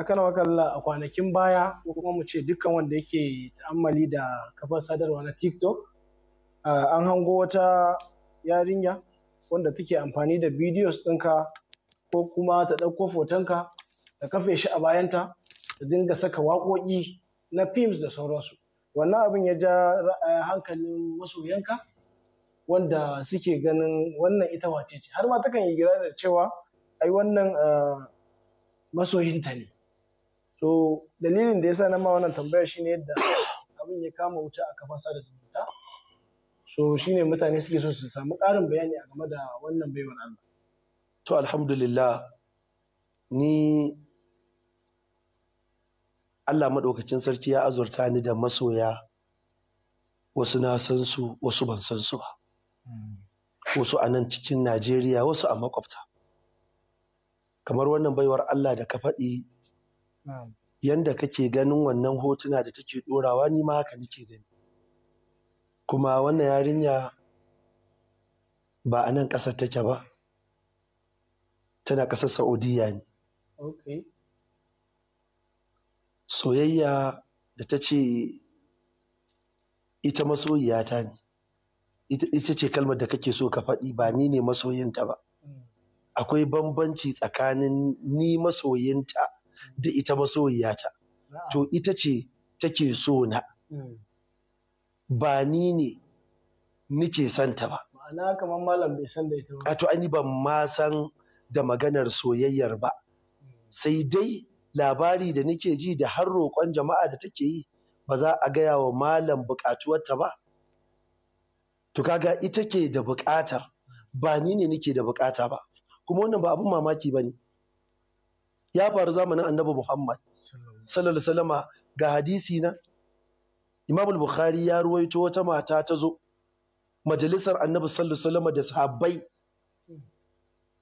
akan wakalla a kwanakin baya ko kuma mu ce dukkan wanda yake ta'ammali da kafar sadarwa na tiktok an hango wata yarinya wanda take amfani da videos dinka ko kuma ta ɗauko fotonka ta kafe shi a bayanta ta dinga saka waƙoƙi na films da sauransu wannan abin ya ja hankalin masoyanka wanda suke ganin wannan ita wace ce har ma takan yi gira da cewa ai wannan masoyinta ne so dalilin da yasa na ma wannan tambaya shine yadda abin ya kama wuta a kafar sada zumunta so shine mutane suke so su samu ƙarin bayani a game da wannan baiwar Allah to alhamdulillah ni Allah maɗaukacin sarki ya azurta ni da masoya wasu na san su wasu ban san su ba wasu a nan cikin Najeriya wasu a makwabta kamar wannan baiwar Allah da ka faɗi yanda kake ganin wannan hotuna da take ɗorawa ni ma haka nake gani kuma wannan yarinya ba a nan ƙasar take ba tana ƙasar saudiya ne soyayya da ta ce ita masoyiyata ne ita ce kalmar da kake so ka faɗi ba ni ne masoyinta ba mm. akwai bambanci tsakanin ni masoyinta da ita masoyiyata to ita ce take so na hmm. ba ni ne nike santa ba ma'ana kamar malam bai san da ita ba to ani ban ma san da maganar soyayyar ba hmm. sai dai labari da nike ji da har roƙon jama'a da take yi ba za a gaya wa malam buƙatuwarta ba to kaga ita ke da buƙatar ba ni ne nike da buƙata ba kuma wannan ba abun mamaki ba ne ya faru zamanin annabi Muhammad sallallahu alaihi ga hadisi na Imam Bukhari ya ruwaito wata mata ta zo majalisar annabi sallallahu alaihi da sahabbai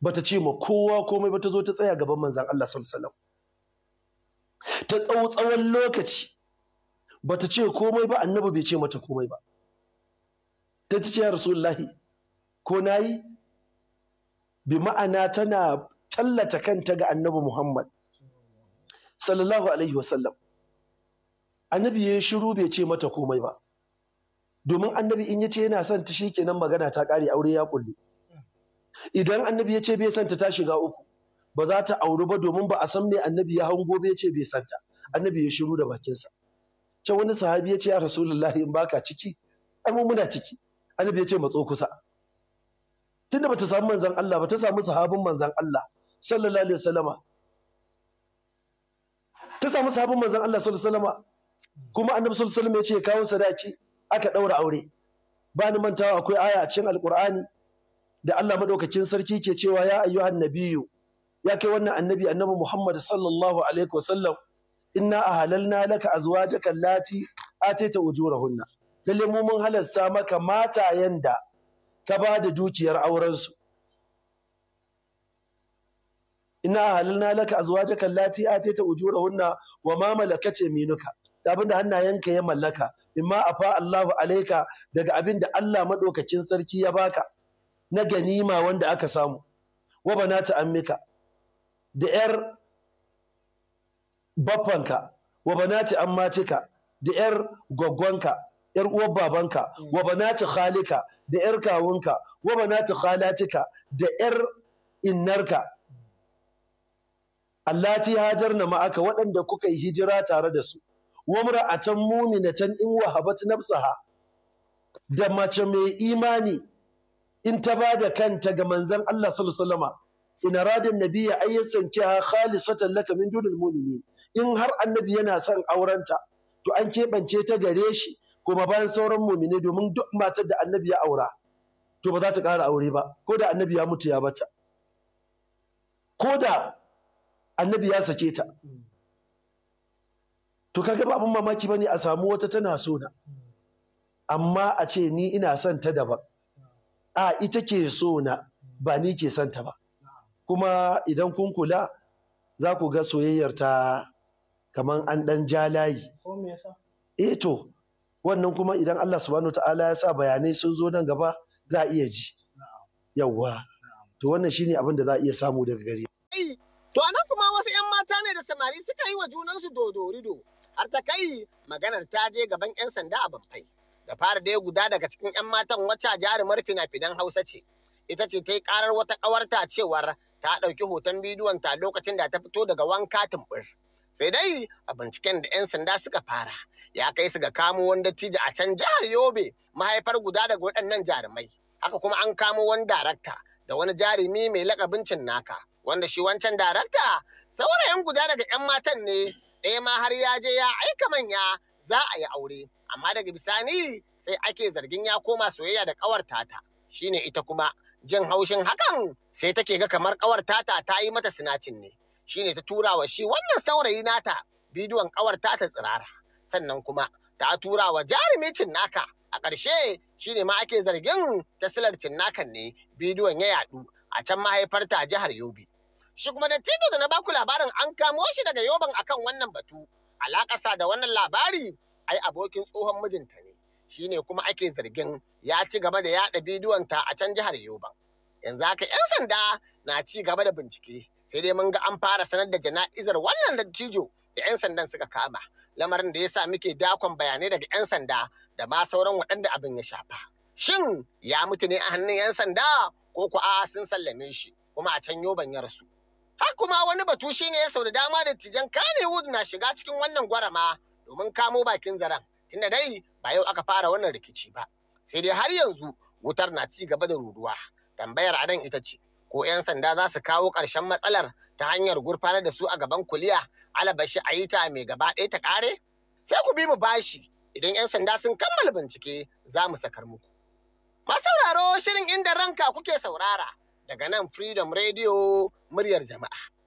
bata ce ma kowa komai ba ta zo ta tsaya gaban manzon Allah sallallahu ta tsau tsawon lokaci bata ce komai ba annabi bai ce mata komai ba ta ce ya rasulullahi ko nayi bi ma'ana tana tallata kanta ga annabi Muhammad sallallahu alaihi wasallam annabi ya shiru bai ce mata komai ba domin annabi in ya ce yana son ta nan magana ta ƙare aure ya kulle idan annabi ya ce bai son ta shiga uku ba za ta auri ba domin ba a san me annabi ya hango bai ce bai santa annabi ya shiru da bakinsa can wani sahabi ya ce ya rasulullahi in baka ciki ai mu muna ciki annabi ya ce matso kusa tunda bata samu manzon Allah bata ta samu sahabin manzon Allah sallallahu alaihi wasallama ta samu sahabin manzon Allah sallallahu alaihi wasallama kuma annabi sallallahu alaihi wasallama ya ce kawo sadaki aka daura aure ba ni mantawa akwai aya a cikin alqur'ani da Allah madaukakin sarki ke cewa ya ayyuhan nabiyyu ya kai wannan annabi annabi Muhammad sallallahu alaihi wasallam inna ahalalna laka azwajaka allati atayta ujurahunna lalle mu mun halasta maka matayen da ka ba da dukiyar aurensu inna halalna laka azwajaka allati atayta ujurahunna wa ma malakat yaminuka abinda hannayenka ya mallaka imma afa Allahu alaika daga abinda Allah madaukakin sarki ya baka na ganima wanda aka samu wa banata ammika da yar baffanka wa banati ammatika da yar gwaggwanka yar uwar babanka wa banati khalika da yar kawunka wa banati khalatika da yar innarka allati hajarna ma'aka waɗanda kuka yi hijira tare da su wa mura'atan mu'minatan in wahabat nafsaha da mace mai imani in ta ba da kanta ga manzon Allah sallallahu alaihi wasallam in aradin nabiyya ay yasankiha khalisatan laka min dunil mu'minin in har annabi yana son aurenta to an keɓance ta gare shi kuma bayan sauran mu'mini domin duk matar da annabi ya aura to ba za ta ƙara aure ba ko da annabi ya mutu ya bata ko da annabi ya sake ta to kaga ba abin mamaki bane a samu wata tana so na amma a ce ni ina son ta daban a ita ke so na ba ni ke son ta ba kuma idan kun kula za ku ga soyayyar ta kaman an dan ja layi eh to wannan kuma idan Allah subhanahu ta'ala ya sa bayanai sun zo nan gaba za a iya ji yawwa to wannan shine abin da za a iya samu daga gari To anan kuma wasu 'yan mata ne da samari suka yi wa junansu dodorido har ta kai maganar ta je gaban 'yan sanda a Bamfai. Da fara dai guda daga cikin 'yan matan wacce jarumar fina-finan Hausa ce. Ita ce ta yi karar wata ƙawarta cewar ta ɗauki hoton bidiyon ta lokacin da ta fito daga wanka tumbur. Sai dai a binciken da 'yan sanda suka fara ya kai su ga kamo wani dattijo a can jihar Yobe mahaifar guda daga waɗannan jarumai. Haka kuma an kamo wani darakta da wani jarumi mai lakabin naka. wanda shi wancan darakta saurayin guda daga 'yan matan ne ɗaya ma har ya je ya aika manya za a yi aure amma daga bisani sai ake zargin ya koma soyayya da ƙawartata. tata shine ita kuma jin haushin hakan sai take ga kamar ƙawartata tata ta yi mata sinacin ne shine ta tura wa shi wannan saurayi nata bidiyon kawar tata tsirara sannan kuma ta tura wa jarumi cinnaka a ƙarshe shi ne ma ake zargin ta tasilar cinnakan ne bidiyon ya yaɗu a can mahaifarta jihar yobe Shi kuma dattijo da na baku labarin an kamo shi daga yoban akan wannan batu. Alakasa da wannan labari ai abokin tsohon mijinta ne. Shi ne kuma ake zargin ya ci gaba da yaɗa bidiyonta a can jihar Yoban. Yanzu haka 'yan sanda na ci gaba da bincike. Sai dai mun ga an fara sanar da jana'izar wannan dattijo da 'yan sandan suka kama. Lamarin da ya sa muke dakon bayanai daga 'yan sanda da ma sauran waɗanda abin ya shafa. Shin ya mutu ne a hannun 'yan sanda ko ku a sun sallame shi kuma a can yoban ya rasu. Har kuma wani batu shine sau da dama da tijan Kannywood na shiga cikin wannan gwarama domin kamo bakin zaren. Tunda dai ba yau aka fara wannan rikici ba. Sai dai har yanzu wutar na ci gaba da ruruwa. Tambayar a nan ita ce, ko 'yan sanda za su kawo ƙarshen matsalar ta hanyar gurfanar da su a gaban kuliya alabashi a yi ta mai gaba ɗaya ta ƙare? Sai ku bi mu bashi idan 'yan sanda sun kammala bincike za mu sakar muku. Masauraro shirin inda ranka kuke saurara. daga nan Freedom Radio muryar jama'a.